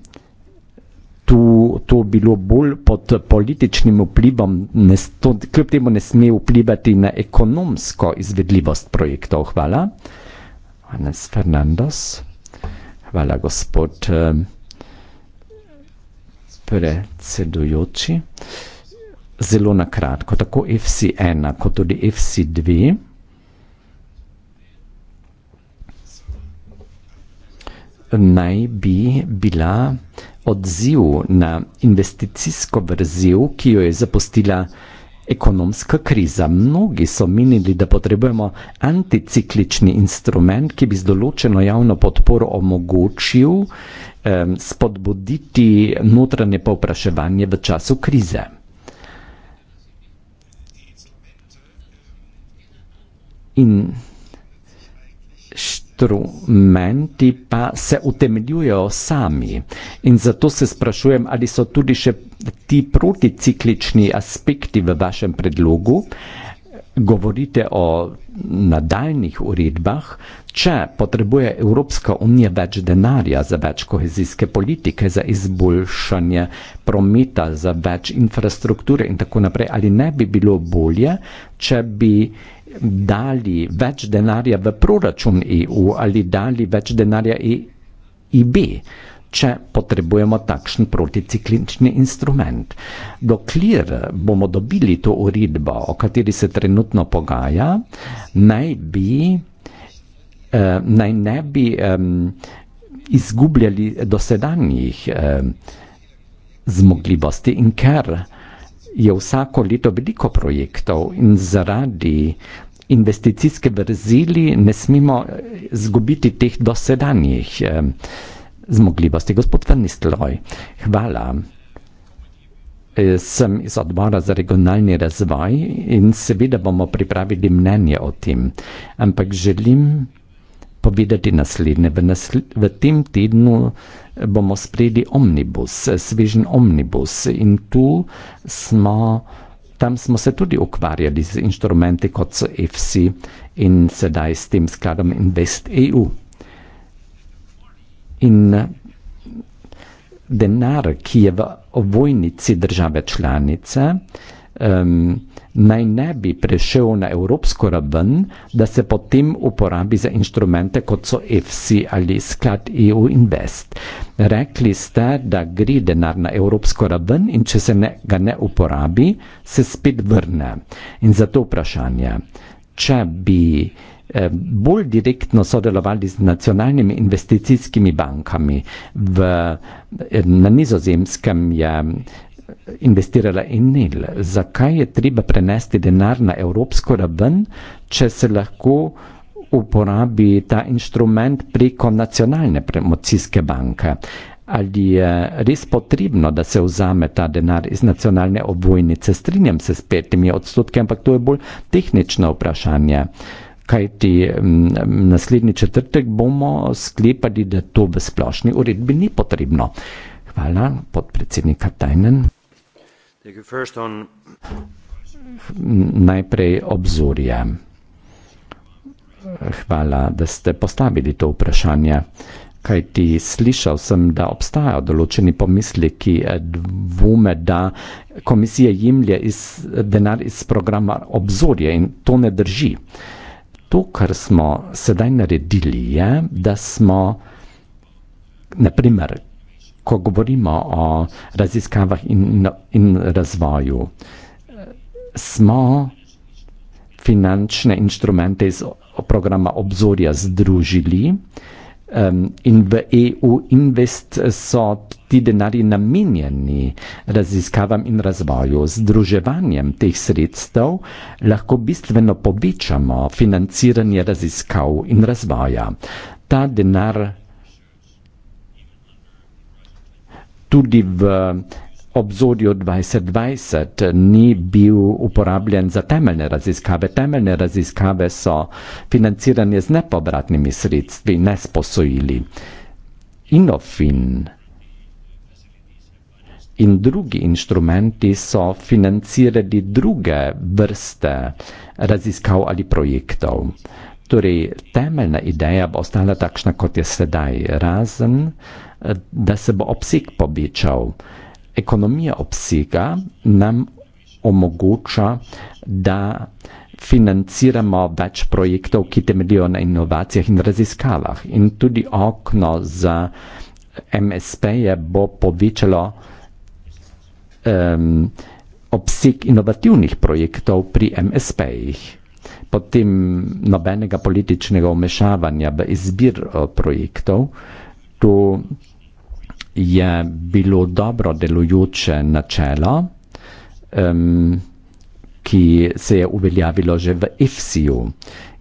tu, to bilo bolj pod političnim vplivom, ne, to, kljub temu ne sme vplivati na ekonomsko izvedljivost projektov. Hvala. Hannes Fernandes. Hvala, gospod predsedujoči. Zelo na kratko, tako FC1 kot tudi FC2 naj bi bila odziv na investicijsko vrzel, ki jo je zapustila Hrvatska, ekonomska kriza. Mnogi so menili, da potrebujemo anticiklični instrument, ki bi z določeno javno podporo omogočil eh, spodbuditi notranje povpraševanje v času krize. In instrumenti pa se utemeljujejo sami in zato se sprašujem, ali so tudi še ti proticiklični aspekti v vašem predlogu govorite o nadaljnih uredbah, če potrebuje Evropska unija več denarja za več kohezijske politike, za izboljšanje prometa, za več infrastrukture in tako naprej, ali ne bi bilo bolje, če bi dali več denarja v proračun EU ali dali več denarja EIB? če potrebujemo takšen proticiklični instrument. Dokler bomo dobili to uredbo, o kateri se trenutno pogaja, naj, bi, eh, naj ne bi eh, izgubljali dosedanjih eh, zmogljivosti in ker je vsako leto veliko projektov in zaradi investicijske vrzili ne smemo eh, izgubiti teh dosedanjih. Eh, zmogljivosti. Gospod Fenistloj, hvala. Eh, sem iz odbora za regionalni razvoj in seveda bomo pripravili mnenje o tem, ampak želim povedati naslednje. V, nasl v tem tednu eh, bomo sprejeli omnibus, eh, svežen omnibus in tu smo, tam smo se tudi ukvarjali z inštrumenti kot so EFSI in sedaj s tem skladom InvestEU. In eh, denar, ki je v ovojnici države članice, um, naj ne bi prešel na evropsko raven, da se potem uporabi za inštrumente, kot so EFSI ali sklad EU Invest. Rekli ste, da gre denar na evropsko raven in če se ne, ga ne uporabi, se spet vrne. In zato vprašanje, če bi Eh, bolj direktno sodelovali z nacionalnimi investicijskimi bankami. V, eh, na nizozemskem je investirala Enel. Zakaj je treba prenesti denar na evropsko raven, če se lahko uporabi ta inštrument preko nacionalne premocijske banke? Ali je res potrebno, da se vzame ta denar iz nacionalne obojnice? Strinjam se s petimi odstotki, ampak to je bolj tehnično vprašanje kajti naslednji četrtek bomo sklepali, da to v splošni uredbi ni potrebno. Hvala, podpredsednik Tajnen. Najprej obzorje. Hvala, da ste postavili to vprašanje, kajti slišal sem, da obstajajo določeni pomisleki, eh, dvome, da komisija jemlje iz, denar iz programa obzorje in to ne drži to, kar smo sedaj naredili, je, da smo, naprimer, ko govorimo o raziskavah in, no, in razvoju, smo finančne inštrumente iz programa Obzorja združili um, in v EU invest so ti denarji namenjeni raziskavam in razvoju. Združevanjem teh sredstev lahko bistveno povečamo financiranje raziskav in razvoja. Ta denar tudi v uh, obzorju 2020 ni bil uporabljen za temeljne raziskave. Temeljne raziskave so financirane z nepovratnimi sredstvi, ne s posojili. Inofin in drugi inštrumenti so financirali druge vrste raziskav ali projektov. Torej, temeljna ideja bo ostala takšna, kot je sedaj, razen da se bo obseg povečal ekonomija obsega nam omogoča, da financiramo več projektov, ki temeljijo na inovacijah in raziskavah. In tudi okno za MSP je bo povečalo um, obseg inovativnih projektov pri MSP-jih. Potem nobenega političnega umešavanja v izbir projektov, to je bilo dobro delujoče načelo, um, ki se je uveljavilo že v IFSI-ju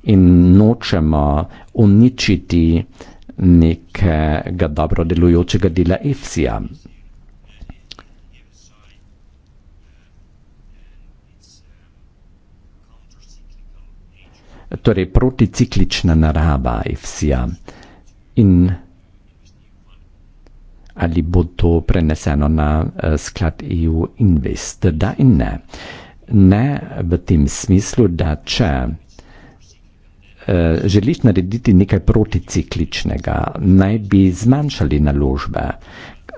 in nočemo uničiti nekega dobro delujočega dela IFSI-ja. Torej, proticiklična narava IFSI-ja in ali bo to preneseno na uh, sklad EU Invest, da in ne. Ne v tem smislu, da če uh, želiš narediti nekaj proticikličnega, naj bi zmanjšali naložbe.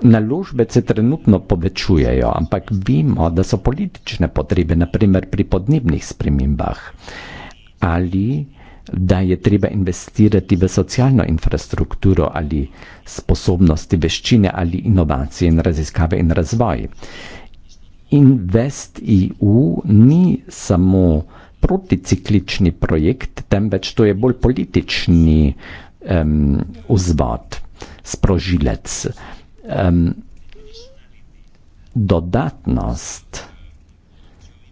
Naložbe se trenutno povečujejo, ampak vemo, da so politične potrebe, naprimer pri podnebnih spremembah ali uh, da je treba investirati v socialno infrastrukturo ali sposobnosti, veščine ali inovacije in raziskave in razvoj. Invest EU ni samo proticiklični projekt, temveč to je bolj politični um, vzvod, sprožilec. Um, dodatnost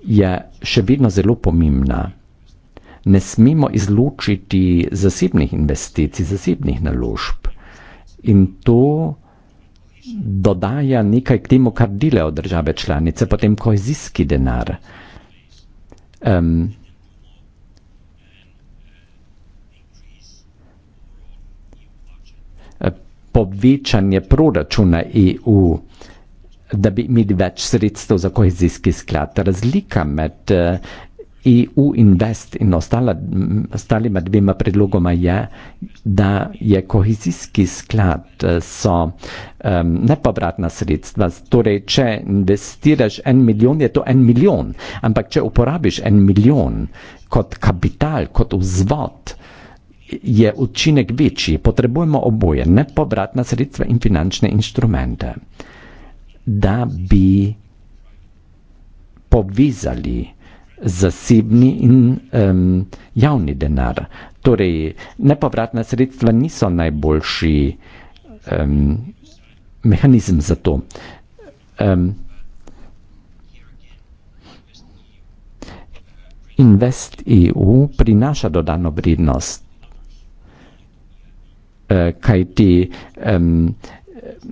je še vedno zelo pomembna ne smemo izločiti zasebnih investicij, zasebnih naložb. In to dodaja nekaj k temu, kar delajo države članice, potem kohezijski denar. Um, povečanje proračuna EU, da bi imeli več sredstev za kohezijski sklad. Razlika med EU Invest in ostala, ostalima dvema predlogoma je, da je kohezijski sklad eh, so um, nepovratna sredstva. Torej, če investiraš en milijon, je to en milijon, ampak če uporabiš en milijon kot kapital, kot vzvod, je učinek večji. Potrebujemo oboje, nepovratna sredstva in finančne inštrumente, da bi povezali zasebni in um, javni denar. Torej, nepovratna sredstva niso najboljši um, mehanizem za to. Um, Invest EU prinaša dodano vrednost, e, kaj ti um,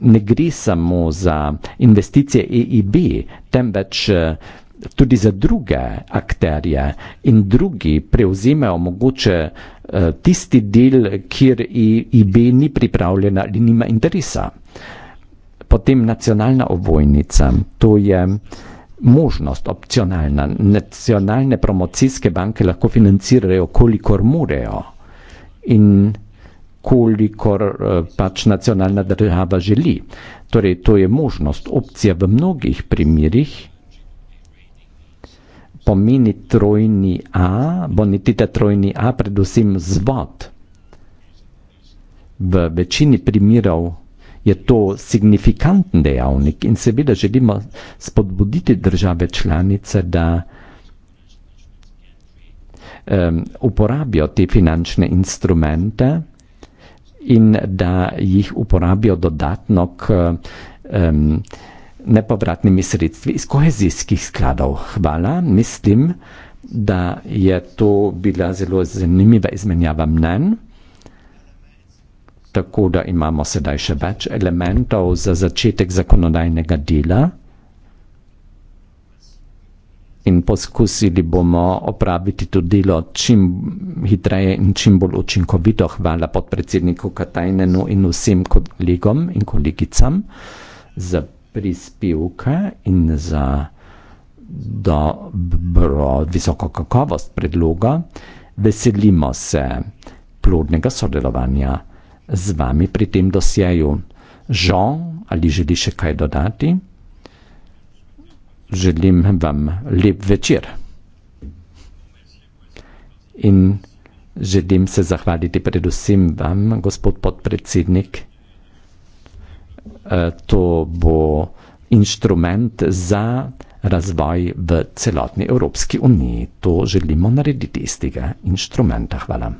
ne gre samo za investicije EIB, temveč um, tudi za druge akterje in drugi prevzemajo mogoče eh, tisti del, kjer IB ni pripravljena ali nima interesa. Potem nacionalna ovojnica, to je možnost opcionalna. Nacionalne promocijske banke lahko financirajo, kolikor morejo in kolikor eh, pač nacionalna država želi. Torej, to je možnost, opcija v mnogih primerjih pomeni trojni A, bonitete trojni A, predvsem zvod. V večini primerov je to signifikanten dejavnik in seveda želimo spodbuditi države članice, da um, uporabijo te finančne instrumente in da jih uporabijo dodatno k um, nepovratnimi sredstvi iz kohezijskih skladov. Hvala, mislim, da je to bila zelo zanimiva izmenjava mnen, tako da imamo sedaj še več elementov za začetek zakonodajnega dela in poskusili bomo opraviti to delo čim hitreje in čim bolj učinkovito. Hvala podpredsedniku Katajnenu in vsem kolegom in kolegicam za pripravljanje prispevke in za dobro, visoko kakovost predloga. Veselimo se plodnega sodelovanja z vami pri tem dosjeju. Žal, ali želi še kaj dodati? Želim vam lep večer. In želim se zahvaliti predvsem vam, gospod podpredsednik. Eh, to bo inštrument za razvoj v celotni Evropski uniji. To želimo narediti iz tega inštrumenta. Hvala.